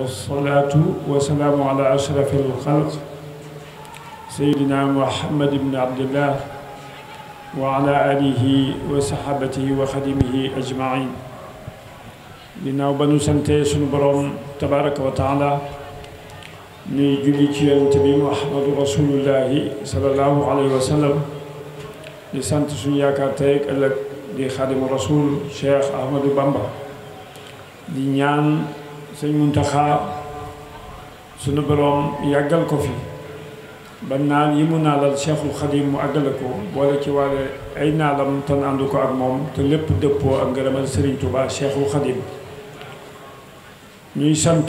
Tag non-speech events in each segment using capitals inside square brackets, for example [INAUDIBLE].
والصلاة والسلام على أشرف الخلق سيدنا محمد بن عبد الله وعلى آله وصحابته وخدمه أجمعين لنو بنو سنتي سنبرم تبارك وتعالى ني جوليتي انتبي محمد رسول الله صلى الله عليه وسلم لسانت سنياكا تيك لخادم الرسول شيخ أحمد بامبا لنيان sëñ منتخا سنو بروم yàggal كو في ba naan yi mu naalal Cheikhul Xadim mu àggale ko boole ci wàlle ay naalam tan àndu ko ak moom te lépp dëppoo ak ngërëmal Sëriñ Tuubaa Cheikhul Xadim ñuy sant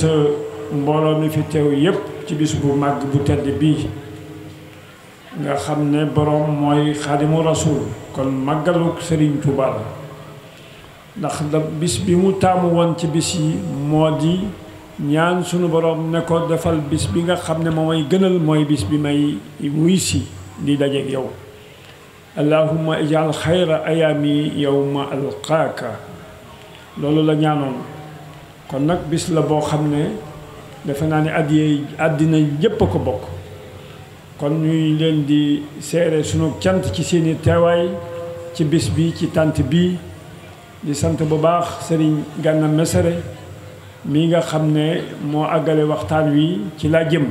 mbooloo mi fi teew yépp ci nga xamne borom moy khadimu rasul kon magaluk serigne touba ndax da bis bi mu taamu woon ci bis yi moo di ñaan sunu borom ne ko defal bis bi nga xam ne moo may gënal mooy bis bi may wuy si di dajeeg yow allahumma ijal xayra ayaami yawma alqaaka loolu la ñaanoon kon nag bis la boo xam ne defe naa ne addiyey àddina yépp a ko bokk kon ñuy leen di seere sunu cant ci seeni teewaay ci bis bi ci tànt bi di sant bu baax sëriñ Gana Messere mi nga xam ne moo àggale waxtaan wi ci laa jëm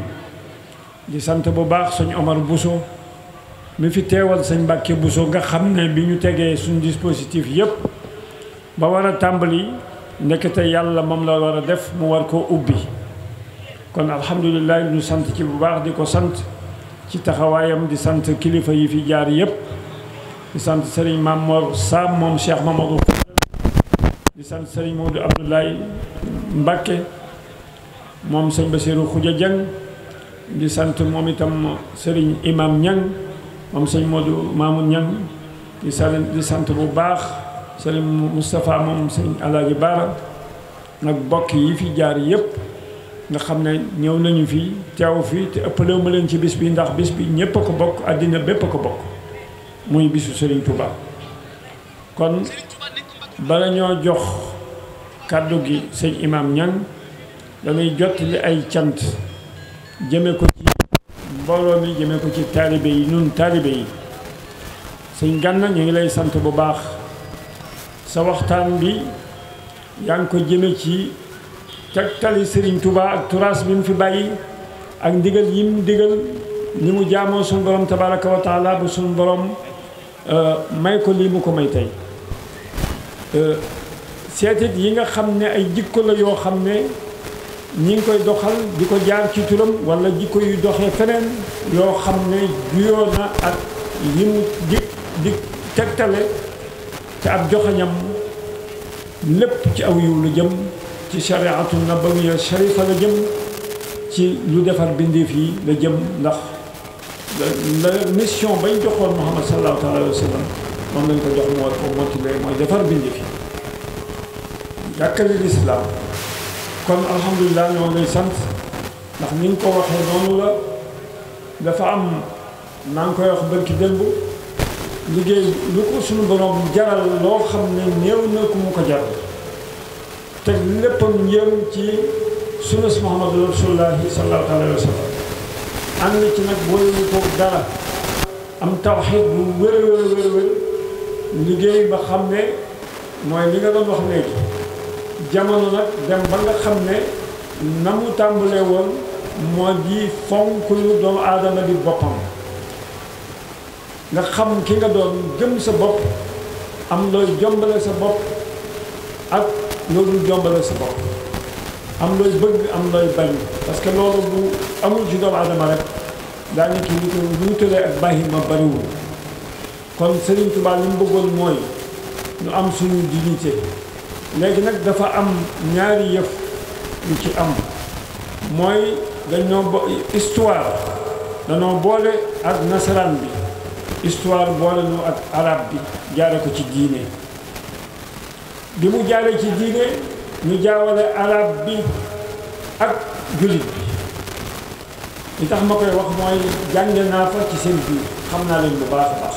di sant bu baax sëñ Omar Bousso mi fi teewal sëñ Mbàkke Bousso nga xam ne bi ñu tegee suñ dispositif yépp ba war a tàmbali ndekete yàlla moom la war a def mu war ko ubbi kon alhamdulilah ñu sant ci bu baax di ko sant ci taxawaayam di sant kilifa yi fi jaar yépp di sant sëriñ Mamor Sam moom Cheikh Mamadou di sant sëriñ Modou Abdoulaye Mbacké mom sëñ Bassirou Khoudia Dieng di sant mom itam serigne Imam Niang mom sëñ Modou Mamoun Niang di sant di sant bu baax serigne mustapha mom sëñ Alaaji bara nag bokk yi fi jaar yépp nga xam ñew nañu fi tiaw fi te ëppalew ma leen ci bis bi ndax bis bi ñépp ko bokk adina ko bokk muy bisu serigne Touba kon bala ñoo jox kàddu gi sëñ imam ñang dañuy jottali ay cant jëme ko ci mbooloo mi jëme ko ci taalibe yi nun taalibe yi sëñ Gana ñu ngi lay sant bu baax sa waxtaan bi yaa ngi ko jëme ci tegtali sëriñ Touba ak turaas bi mu fi bàyyi ak ndigal yi mu digal ni mu jaamoo suñu borom tabaraka wa taala bu suñu borom euh, may ko lii mu ko may tey seetit yi nga xam ne ay jikko la yoo xam ne ñi ngi koy doxal di ko jaar ci turam wala jikko yu doxee feneen yoo xam ne juyoo na ak yi mu di di tegtale te ab joxañam lépp ci aw yiw la jëm ci shariatu nabawiya sharifa la jëm ci lu defar bindeef yi la jëm ndax la mission bañ joxoon Muhammad sallallahu alayhi wa sallam moom lañ ko jox mu war ko motiver mooy defar bind fi jàkkali lislaam kon alhamdulilah ñoo ngay sant ndax ni nga ko waxee noonu la dafa am naa ngi koy wax bërki démb liggéey lu ko suñu borom jaral loo xam ne néew na ku mu ko jaral te léppam yëm ci sunnas muhammadu rasulullahi sallallahu alayhi wa sallam ànd ci nag boole ñu ko dara am tawxiid bu wér wér wér wér liggéey ba xam ne mooy li nga doon wax léegi jamono nag dem ba nga xam ne na mu tàmbalee woon moo di fonk lu doomu aadama di boppam nga xam ki nga doon gëm sa bopp am looy jombale sa bopp ak loolu jombale sa bopp am looy bëgg am looy bañ parce que loolu bu amul ci doomu aadama rek daañu ci wuute wuutale ak bàyyi ma bariwul kon Serigne Touba lim mu bëggoon mooy ñu am suñu dignité léegi nag dafa am ñaari yëf yu ci am mooy dañoo bo histoire dañoo boole ak nasaraan bi histoire boole nu ak arab bi jaare ko ci diine bi mu jaare ci diine ñu jaawale arab bi ak julit bi li tax ma koy wax mooy jànge naa fa ci seen biir xam naa leen bu baax a baax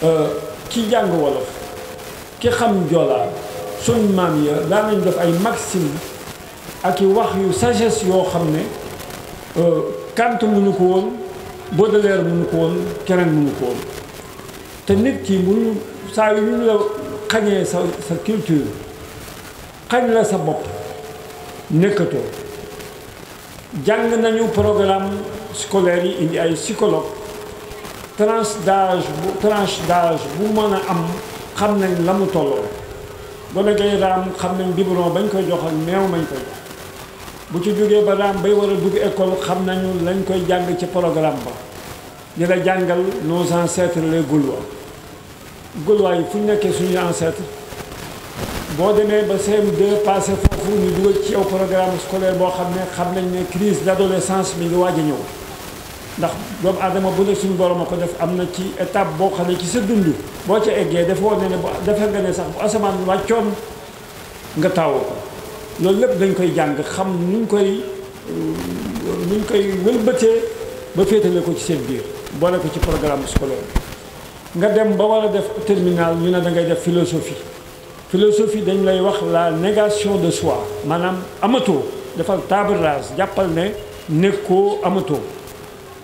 ci euh, jàng wolof ki xam joolaa suñ maam ya daa def ay maxime ak i wax yu sagesse yoo xam ne euh, Kant mënu ko woon Baudelaire mënu ko woon keneen mënu ko woon te nit ki bu ñu saa yu ñu la xañee sa sa culture xañ la sa bopp nekkatoo jàng nañu programme scolaire yi indi ay psychologue tranche dage bu tranche d'âge bu mën a am xam nañ la mu tolloo gone gay raam xam nañ biberon bañ koy jox ak meew mañ koy jox bu ci jógee ba raam bay war a dugg école xam nañu lañ koy jàng ci programme ba di la jàngal nos ancêtres les Gaulois Gaulois yi fu ñu nekkee suñuy ancêtre boo demee ba CM2 passé foofu ñu dugal ci yow programme scolaire boo xam ne xam nañ ne crise d'adolescence mi ngi waaj a ñëw ndax doomu aadama bu ne suñu borom a ko def am na ci étape boo xam ne ci sa dund boo ca eggee dafa wane ne bu defe nga ne sax bu asamaan wàccoon nga taawoo ko loolu lépp dañ koy jàng xam nuñ koy nuñ koy wëlbatee ba féetale ko ci seen biir boole ko ci programme scolaire nga dem ba war a def terminal ñu ne da ngay def philosophie philosophie dañ lay wax la négation de soi maanaam amatoo defal table rase jàppal ne nekkoo amatoo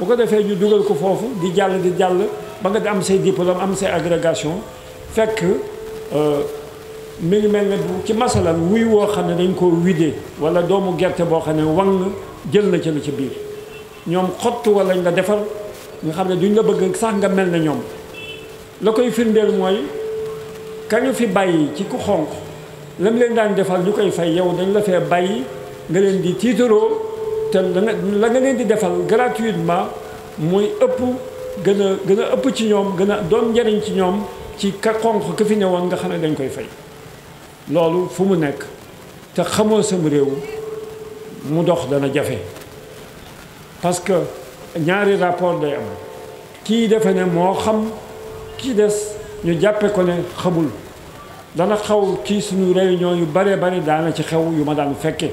bu ko defee ñu dugal ko foofu di jàll di jàll ba nga am say diplôme am say agrégation fekk euh, mi ngi mel ne ci masalan wuy woo xam ne dañ koo widee wala doomu gerte boo xam ne wang jël na ci la ci biir ñoom xottu wala nga defar nga xam ne duñ la bëgg sax nga mel ne ñoom la koy firndeel mooy kañu fi bàyyi ci ku xonq lam leen daan defal ñu koy fay yow dañ la fee bàyyi nga leen di tiitaroo te la nga leen di defal gratuitement mooy ëpp gën a gën a ëpp ci ñoom gën a doon njariñ ci ñoom ci ka xonq ka fi ne woon nga xam ne dañ koy fay loolu fu mu nekk te xamoo sam réew mu dox dana jafe parce que ñaari rapport day am kii defe ne moo xam kii des ñu jàppe ko ne xamul dana xaw ci suñu ñoo yu bare bare daana ci xew yu ma daan fekke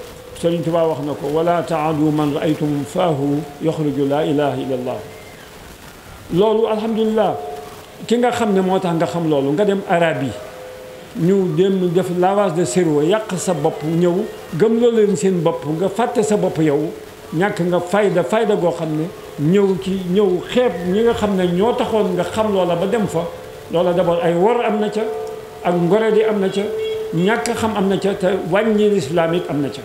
سرين تبا وخنكو ولا تعالوا من رأيتم فاه يخرج لا إله إلا الله لولو الحمد لله كنغا خم نموتا نغا خم لولو نغا دم عربي نيو دم دف لاواز دي سيرو يقص بابو نيو غم لولو نسين بابو نغا فات سبب يو نياك نغا فايدة فايدة غو خم نيو كي نيو خيب نيو خم نيو تخون نغا خم لولو بدم فا لولو دبال اي ور امنا چا اغنغرادي امنا چا نياك خم امنا چا تا واني الاسلامي امنا چا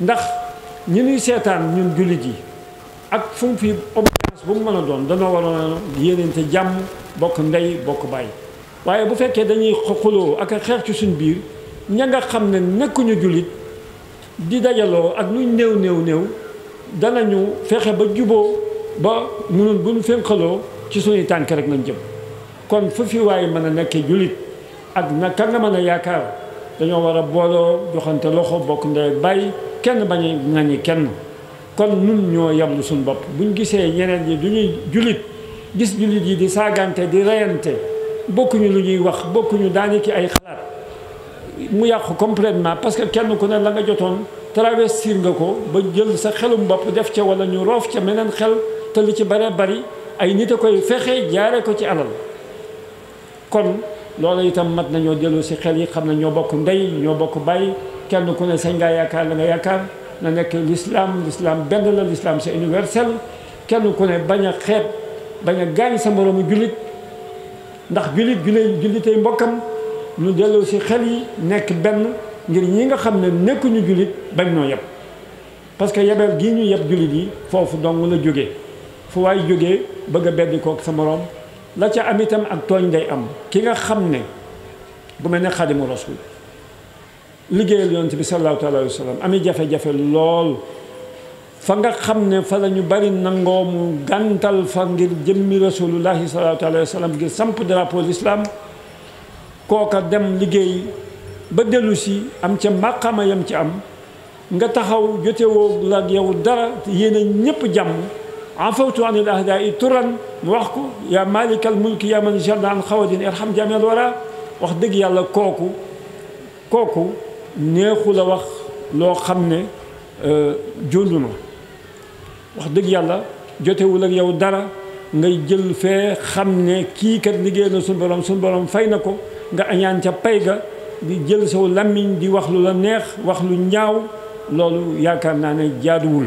ndax ñi ñuy seetaan ñun jullit yi ak fu mu fi obédience bu mu mën a doon danoo waroon a te jàmm bokk ndey bokk bàyyi waaye bu fekkee dañuy xuloo ak a xeex ci suñ biir ña nga xam ne nekkuñu jullit di dajaloo ak luy néew néew néew danañu fexe ba juboo ba munun buñ fénqaloo ci suñuy tànk rek lañ jëm kon fu fi waaye mën a nekkee jullit ak naka nga mën a yaakaar dañoo war a booloo joxante loxo bokk ndey bàyyi kenn bañ a ŋaññi kenn kon nun ñoo yablu suñu bopp bu ñu gisee ñeneen yi du ñuy jullit gis jullit yi di saagante di reyante bokkuñu lu ñuy wax bokkuñu daani ki ay xalaat mu yàqu complètement parce que kenn ku ne la nga jotoon traverser nga ko ba jël sa xelum bopp def ca wala ñu roof ca meneen xel te li ci baree bari ay nit a koy fexe jaare ko ci alal kon loola itam mat nañoo dellu si xel yi xam ne ñoo bokk ndey ñoo bokk bàyyi kenn ku ne sañ ngaa yaakaar la nga yaakaar na nekk l'islam l'islam benn la l'islam c'est universel kenn ku ne bañ a xeeb bañ a gaañ sa moroomu jullit ndax jullit gi lay jullitay mbokkam ñu dellu si xel yi nekk benn ngir ñi nga xam ne nekkuñu jullit bañ noo yeb parce que yebeel gii ñu yeb jullit yi foofu dong la jóge fu waay jóge bëgg a beddi kook sa moroom la ca am itam ak tooñ day am ki nga xam ne bu mel ne xadimu rasul liggéeyal yonent bi sallallahu taala alayhi wa sallam ami jafe-jafe lool fa nga xam ne fa la ñu bari nangoo mu gàntal fa ngir jëmmi rasulullahi sallallahu taala alayhi wa sallam ngir samp drapeau l'islam kooka dem liggéey ba dellu si am ca màqama yam ci am nga taxaw jotewoo la yow dara yéen a ñépp عفوت عن الأهداء ترى موحكو يا مالك الملك يا من جرد عن خوض ارحم جميع الوراء وخدق يالا كوكو كوكو نيخو لوخ لو خمنا آه، جولنا وخدق يالا جوته ولك يو دارا نجي جل في خمنا كي كد لجي نسون برام سون برام فاينكو نجي أنيان تبايغا دي جل سو لمن دي وخلو لنيخ وخلو نياو لولو يا كرنانا جادول جادول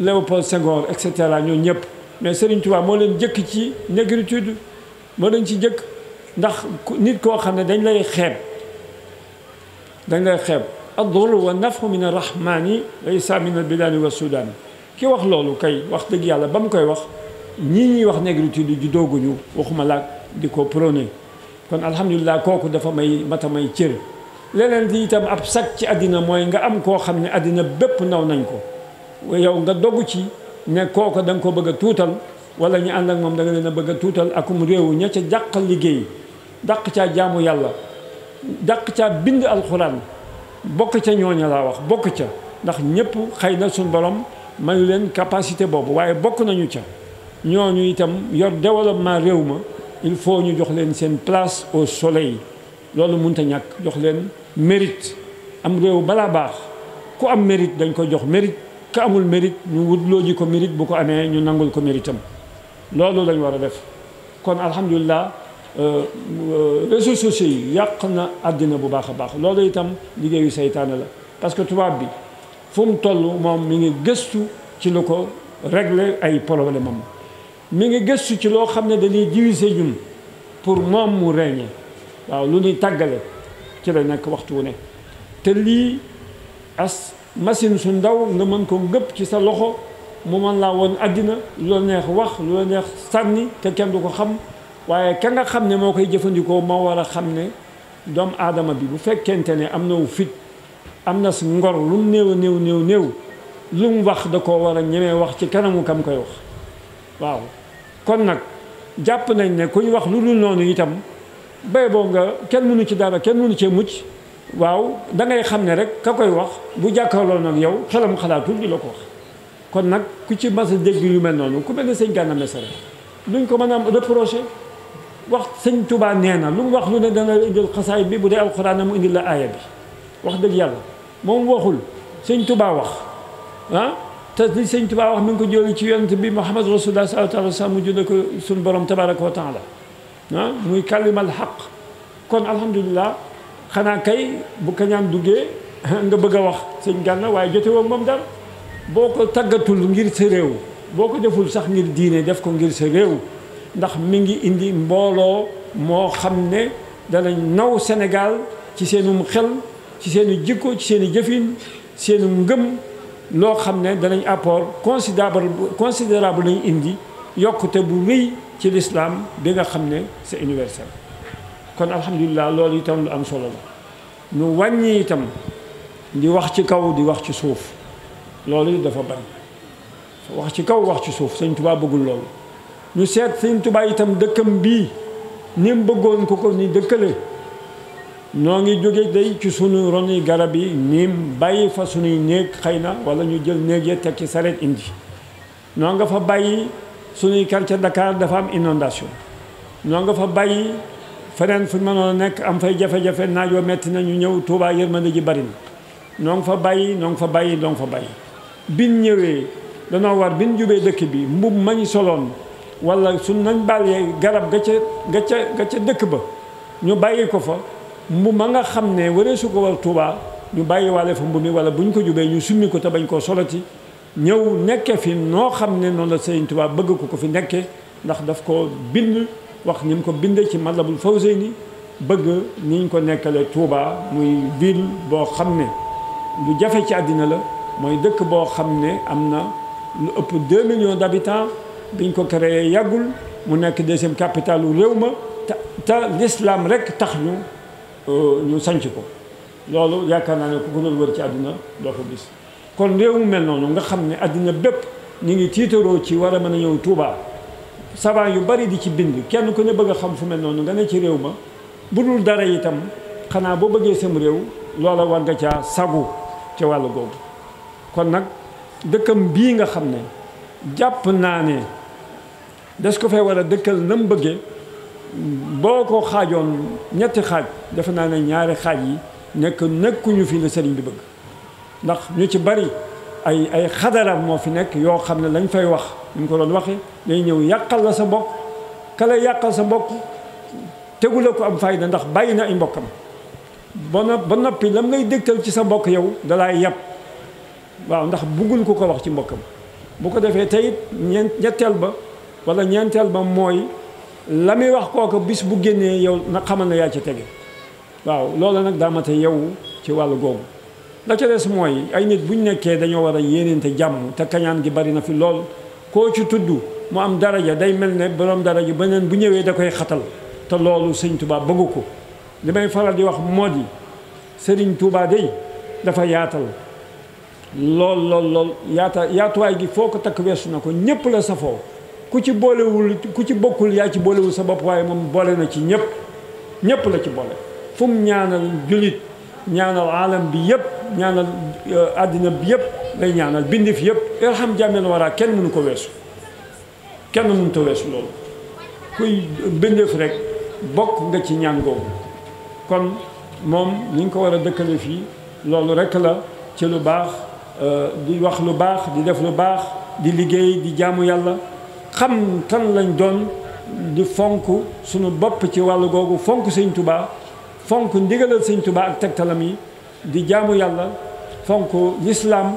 Léopold Senghor etc. cetera ñoo ñëpp mais Serigne Touba moo leen jëkk ci négritude moo leen ci jëkk ndax nit koo xam ne dañ lay xeeb dañ lay xeeb ad-durru wa nafhu min ar-rahmani laysa min al-biladi wa sudan ki wax loolu kay wax dëgg yàlla ba mu koy wax ñii ñuy wax négritude ju dooguñu waxuma laag di ko kon alhamdulilah kooku dafa may mata may cër leneen di itam ab sag ci àddina mooy nga am koo xam ne bépp naw nañ ko yow nga dogg ci ne kooka danga ko bëgg tuutal wala ñu ànd ak moom da nga leen a bëgg a tuutal akum réew ña ca jàqal liggéey dàq caa jaamu yàlla dàq caa bind alxuraan bokk ca ñooña laa wax bokk ca ndax ñëpp xëy na suñu borom mayu leen capacité boobu waaye bokk nañu ca ñooñu itam yor développement réew ma il faut ñu jox leen seen place au soleil loolu munta ñàkk jox leen mérite am réew balaa baax ku am mérite dañ ko jox mérite كامل ميريت نودلو جيكو ميريت بوكو أمي نانغول كو لا لولو لاني وارا ديف كون الحمد لله ريسو سوسي يقنا ادنا بو باخا باخ لا ايتام ليغي شيطان لا باسكو توبا بي فوم تولو موم ميغي گستو تي لوكو ريغلي اي بروبليم موم ميغي گستو تي لو خامني دا لي ديفيسي جون بور موم مو ريني واو لوني تاغالي تي لا نك وقتو ني تلي اس machine su ndaw nga mën ko ngëpp ci sa loxo mu mën laa woon àddina lu la neex wax lu la neex sànni te kenn du ko xam waaye kenn nga xam ne moo koy jëfandikoo moo war a xam ne doomu aadama bi bu fekkente ne am na wu fit am na si ngor lu mu néew néew néew néew lu mu wax da ko war a ñemee wax ci kanamu kam koy wax waaw kon nag jàpp nañ ne kuy wax lu dul noonu itam bay boo nga kenn mënu ci dara kenn mënu cee mucc waaw da ngay xam ne rek ka koy wax bu jàkkaarloo nag yow xelam xalaatul di la ko wax kon nag ku ci mas a dégg yu mel noonu ku mel ne sëñ Gana Messere luñ ko mën a reproché wax sëñ Touba nee na lu mu wax lu ne dana indil xasaay bi bu dee alxuraan mu indil la aaya bi wax dëgg yàlla moom waxul sëñ Touba wax ah te li sëñ Touba wax mi ngi ko jëlee ci yonent bi Muhammad rasulullah sallallahu alayhi wa sallam mu junne ko suñu borom tabaraka wa taala ah muy kalimal xaq kon alhamdulilah xanaa kay bu kañaan duggee [LAUGHS] nga bëgg a wax sëñ Gana waaye jote woo moom dara boo ko tàggatul ngir sa réew boo ko deful sax ngir diine def ko ngir sa réew ndax mi ngi indi mbooloo moo xam ne danañ naw Sénégal ci seenum xel ci seeni jikko ci seeni jëfin seenum ngëm loo xam ne danañ apport considérable considérable indi yokkute bu rëy ci l'islam bi nga xam ne c'est universel kon alhamdulilah loolu itam lu am solo la nu wàññi itam di wax ci kaw di wax ci suuf loolu dafa bari wax ci kaw wax ci suuf sëñ tubaa bëggul loolu ñu seet sëñ tubaa itam dëkkam bii ni mu bëggoon ko ko ni dëkkale noo ngi jóge day ci sunu roni garab yi niim bàyyi fa sunuy néeg xëy na wala ñu jël néeg ya teg ci sareet indi noo nga fa bàyyi sunuy quartier Dakar dafa am inondation noo nga fa bàyyi feneen fu mënoon a nekk am fay jafe-jafe naaj wa metti na ñu ñëw Touba yërmande ji bari na noo ngi fa bàyyi noo ngi fa bàyyi noo ngi fa bàyyi bin ñëwee danoo war bin jubee dëkk bi mbub mañ soloon wala su nañ bàyyee garab ga ca ga ca ga ca dëkk ba ñu bàyyi ko fa mbub ma nga xam ne waree su ko war Touba ñu bàyyi waale fa mbub mi wala bu ñu ko jubee ñu summi ko te bañ koo soloti ñëw nekke fi noo xam ne noonu la Sëriñ Touba bëgg ko ko fi nekke ndax daf ko bind wax ni mu ko bindee ci Matlabul Fawzayni bëgg ni ñu ko nekkalee Touba muy ville boo xam ne lu jafe ci àddina la mooy dëkk boo xam ne am na lu ëpp 2 millions d'habitants biñ ko créé yàggul mu nekk deuxième capitale u réew ma te te l'islam rek tax ñu euh, ñu sanc ko loolu yaakaar naa ne ku ko doon wër ci àddina doo ko gis kon réew mu mel noonu nga xam ne àddina bépp ñu ngi tiitaroo ci war a mën a ñëw Touba savant yu bari di ci bind kenn ku ne bëgg xam fu mel noonu nga ne ci réew ma bu dul dara itam xanaa boo bëggee sam réew loola war nga caa sagu ca wàllu googu kon nag dëkkam bii nga xam ne jàpp naa ne des ko fay war a dëkkal nam bëggee boo ko xaajoon ñetti xaaj defe naa ne ñaari xaaj yi nekk nekkuñu fi la sëriñ bi bëgg ndax ñu ci bari ay ay xadara moo fi nekk yoo xam ne lañ fay wax ñu ko doon waxee day ñëw yàqal la sa mbokk kala yàqal sa mbokk tegu la ko am fayda ndax bàyyi na ay mbokkam ba ba noppi lam lay dégtal ci sa mbokk yow dalaay yàpp waaw ndax buggul ku ko wax ci mbokkam bu ko defee tey ñeent ñetteel ba wala ñeenteel ba mooy la muy wax kooka bis bu génnee yow na xamal na yaa ci tege waaw loolu nag daa mate yow ci wàll googu la ca des mooy ay nit buñ nekkee dañoo war a yéeneente jàmm te kañaan gi bari na fi lool koo ci tudd mu am daraja day mel ne borom daraja beneen bu ñëwee da koy xatal te loolu sëñ Touba bëggu ko li may faral di wax moo di sëriñ Touba day dafa yaatal lool lool lool yaata yaatuwaay gi foo ko takk weesu na ko ñépp la safoo ku ci boolewul ku ci bokkul yaay ci boolewul sa bopp waaye moom boole na ci ñépp ñépp la ci boole fu mu ñaanal jullit ñaanal alam bi yépp ñaanal euh, àddina bi yëpp lay ñaanal bindif yëpp irham jàmmeen waraa kenn mënu ko weesu kenn mënu ko weesu loolu kuy bindif rek bokk nga ci ñaan googu kon moom ni nga ko war a dëkkale fii loolu rek la ci lu baax euh, di wax lu baax di def lu baax di liggéey di jaamu yàlla xam kan lañ doon di fonk sunu bopp ci wàll googu fonk sëñ tubaa fonk ndigalal sëñ tubaa ak tegtalam yi di jaamu yàlla fonk l'islam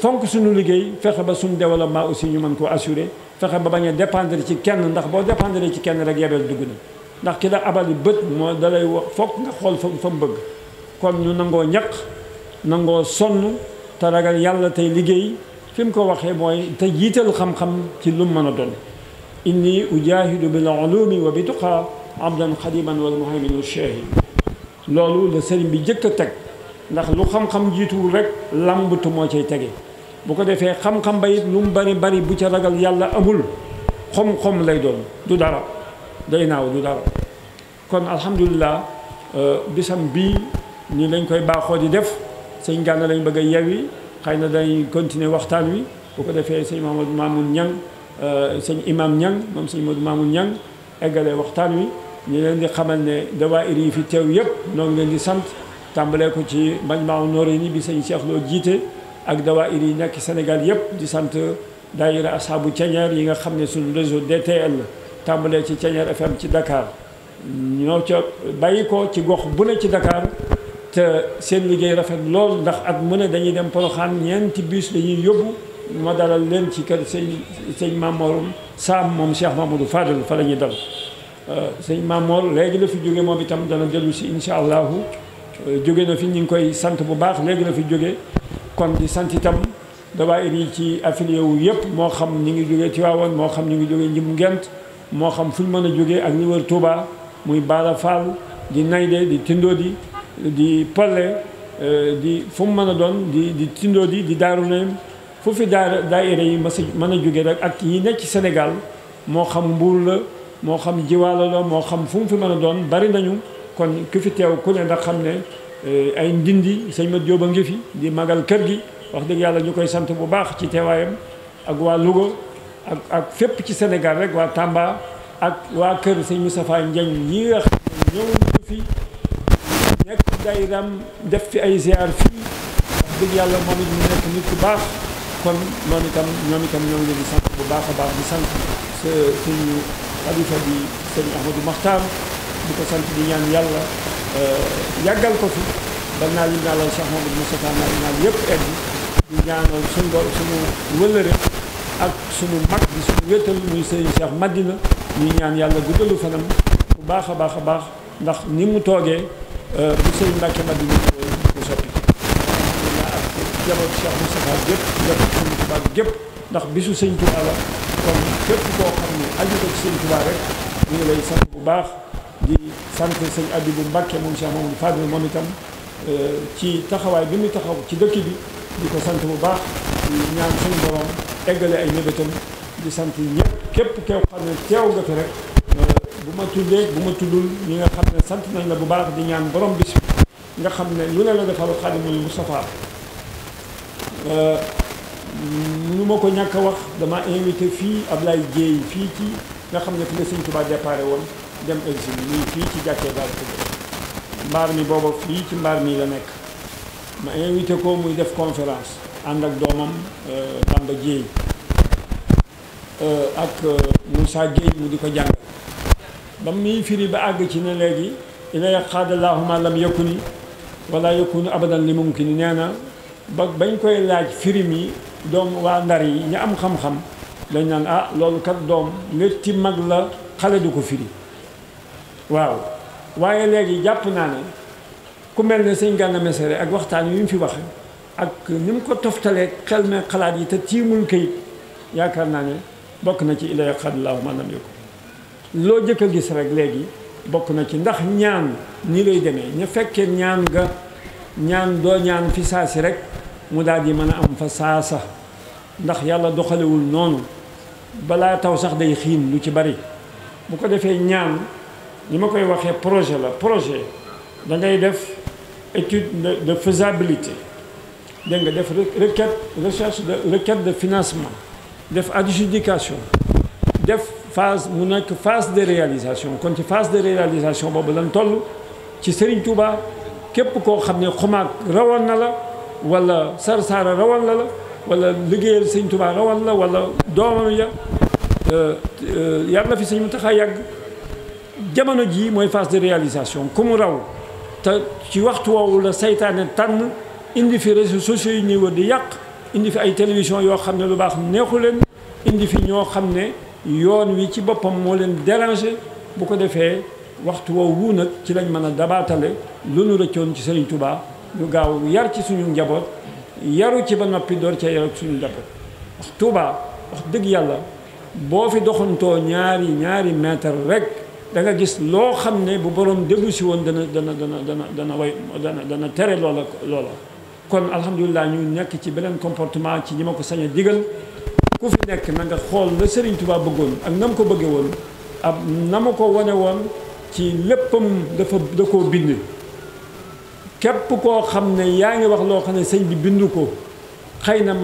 fonk suñu liggéey fexe ba suñu développement aussi ñu mën ko assurer fexe ba bañ a dépendre ci kenn ndax boo dépendre ci kenn rek yebeel dugg na ndax ki la abali bët moo dalay wax foog nga xool fa fa bëgg kon ñu nangoo ñaq nangoo sonn te ragal yàlla tey liggéey fi mu ko waxee mooy te jiital xam-xam ci lu mën a doon inni ujahidu bil ulumi wa bi abdan xadiman wal muhaymin shahid loolu la sëriñ bi jëkk a teg ndax lu xam-xam jiituwul rek làmbatu moo cay tege bu ko defee xam-xam ba it lu mu bari bari bu ca ragal yàlla amul xom-xom lay doon du dara day naaw du dara kon alhamdulilah euh, bisam bii ni lañ koy baaxoo di def sëñ Gana lañ bëgg a yewi xëy na dañ continuer waxtaan wi bu ko defee sëñ Mamadou Mamoun Niang euh, sëñ imam Niang moom sëñ Mamadou Mamoun Niang eggalee waxtaan wi ñu leen di xamal ne dawaayir yi fi teew yëpp noonu leen di sant tàmbalee ko ci Majmahun Nurayni bi sëñ Cheikh Lo jiite ak dawaa dawaayir yi nekk Sénégal yëpp di sant a asxaabu Ceñeer yi nga xam ne suñu réseau DTL la tàmbalee ci Ceñeer FM ci dakaar ñoo ca bàyyi ko ci gox bu ne ci Dakar te seen liggéey rafet lool ndax ak mu ne dañuy dem Poroxaan ñeenti biis dañuy yóbbu ma dalal leen ci kër sëñ sëñ Mamorum Saam moom Cheikh Mamadou Fadel fa la ñuy dal Euh, sëñ Mamor léegi la fi jóge moom itam dana dellu si incha allahu euh, jóge na fi ñu ngi koy sant bu baax léegi la fi jóge kon di sant itam dawaayir yi ci affilié wu yëpp moo xam ñu ngi jóge Tiwaawan moo xam ñu ngi jóge Njim Ngent moo xam fu ñu mën a jógee ak li wër Touba muy Baara Fall di Naydé di Tindodi di Polle euh, di fu mën a doon di di Tindodi di Daaru Naym fu fi daara daayira yi mas mën a jóge rek ak yi nekk ci Sénégal moo xam Mbuur la moo xam jiwaalo la moo xam fu mu fi mën a doon bari nañu kon ku fi teew ku ne ndax xam ne eh, ay ndindi sëñ Mat Jóob a ngi fi di magal kër gi wax dëgg yàlla ñu koy sant bu baax ci teewaayam ak waa Louga fépp ci Sénégal rek waa Tamba ak waa kër sëñ Moustapha Ndiagne ñi nga xam ne def fi ay ziar dëgg yàlla moom it mu nekk nit ku baax kon moom itam ñoom itam ñoo ngi leen di sant bu baax a baax di sant suñu xalifa bi sëñ ahmadou maxtaar di ko sant di ñaan yàlla yàggal ko fi ba naa li naalal cheikh mahamadou moustapha naa li naal yëpp egg di ñaanal suñu bor suñu wëllëre ak suñu mag bi suñu wétal muy sëñ cheikh madina ñuy ñaan yàlla guddalu fanam bu baax a baax a baax ndax ni mu toogee bu sëñ mbàkke madina ko soppi ak jaboot cheikh moustapha gépp jaboot suñu tubaab gépp ndax bisu seigne touba la kon képp koo xam aju ko ci sëñ rek ñu lay sant bu baax di sant sëñ Abibu Mbàkke moom Cheikh Mamadou Fadil moom itam ci taxawaay bi mu taxaw ci dëkk bi di ko sant bu baax ñaan suñu borom ay mébétam di sant ñëpp képp nga fi rek bu ma bu ma tuddul ñi nga sant nañ la bu baax di ñaan borom bis nga lu ne la defal mënu ma ko ñàkk wax dama invité fii lay Dieye fii ci nga xam ne fi la Sëñ Tuubaa déparé woon dem exil nii fii ci jàkkee ba tëdd mi booba fii ci mbaar mi la nekk ma muy def conférence ànd ak doomam euh, Bamba Dieye euh, ak euh, Moussa Gueye mu di ko jàng ba muy firi ba àgg ci ne léegi ilay xaadalaahu ma lam yakuni wala yakunu abadan li mumkin nee na ba bañ koy laaj firi mi doom waa ndar yi ñu am xam-xam dañ naan ah loolu kat doom létti mag la xale du ko firi waaw waaye léegi jàpp naa ne ku mel ne sëñ Gana Messere ak waxtaan yu mu fi wax ak ni mu ko toftalee xel me xalaat yi te tiimul kayit yaakaar naa ne bokk na ci ilay xadlaahu maanaam yokku loo jëkk a gis rek léegi bokk na ci ndax ñaan nii lay demee ñu fekkee ñaan nga ñaan doo ñaan fi saa si rek mu daal di mën a am fa saasa ndax yàlla doxalewul noonu balaa taw sax day xiin lu ci bari bu ko defee ñaan ni ma koy waxee projet la projet da ngay def étude de faisabilité dégg nga def requête recherche de requête de financement def adjudication def phase mu nekk phase de réalisation kon ci phase de réalisation boobu lan toll ci Serigne Touba képp koo xam ne xumaag rawoon na la wala sar saara rawal la la wala liggéeyal sëñ Tuubaa rawal la wala doomam ya euh, euh, yar na fi sëñ a yàgg jamono jii mooy fas de réalisation ku mu raw te ci waxtu woowu la seytaane tànn indi fi réseaux sociaux yi di yàq indi fi ay télévision yoo xam ne lu baax neexu leen indi fi ñoo xam ne yoon wi ci boppam moo leen déranger bu ko defee waxtu woowu nag ci lañ mën a dabaatale lu nu rëccoon ci Sëriñ Tuubaa ñu gaaw yar ci suñu njaboot yaru ci ba noppi door ca yar suñu njaboot wax Touba wax dëgg yàlla boo fi doxantoo ñaari ñaari mètre rek danga gis loo xam ne bu borom déglu si woon dana dana dana dana dana way dana dana tere loola loola kon alhamdulilah ñu nekk ci beneen comportement ci ñi ma ko sañ a digal ku fi nekk na nga xool la sëriñ Touba bëggoon ak na mu ko bëggee woon ab na ma ko wane woon ci léppam dafa da koo bind képp koo xam ne yaa ngi wax loo xam ne sëñ bi bindu ko xëy na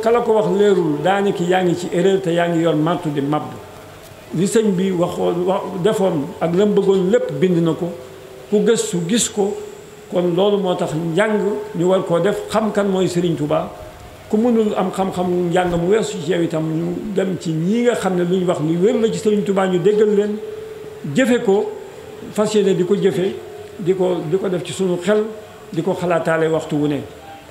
ka la ko wax leerul daanaka yaa ngi ci erreur te yaa ngi yoon martu di mab li sëñ bi waxoon wax defoon ak lam bëggoon lépp bind na ko ku gëstu gis ko kon loolu moo tax njàng ñu war koo def xam-kan mooy Serigne tubaa ku mënul am xam-xam njàng mu weesu ci yow itam ñu dem ci ñii nga xam ne lu ñu wax lu wér la ci Serigne Touba ñu déggal leen jëfe ko fas yéene di ko jëfe di ko di ko def ci sunu xel di ko xalaataale waxtu wu ne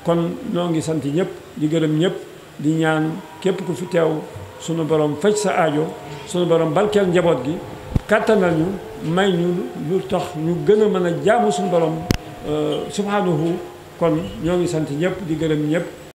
kon ñoo ngi sant ñëpp di gërëm ñëpp di ñaan képp ku fi teew sunu borom faj sa aajo sunu borom barkeel njaboot gi kàttanal ñu may ñu lu tax ñu gën a mën a jàmm sunu borom euh, subhanahu kon ñoo ngi sant ñëpp di gërëm ñëpp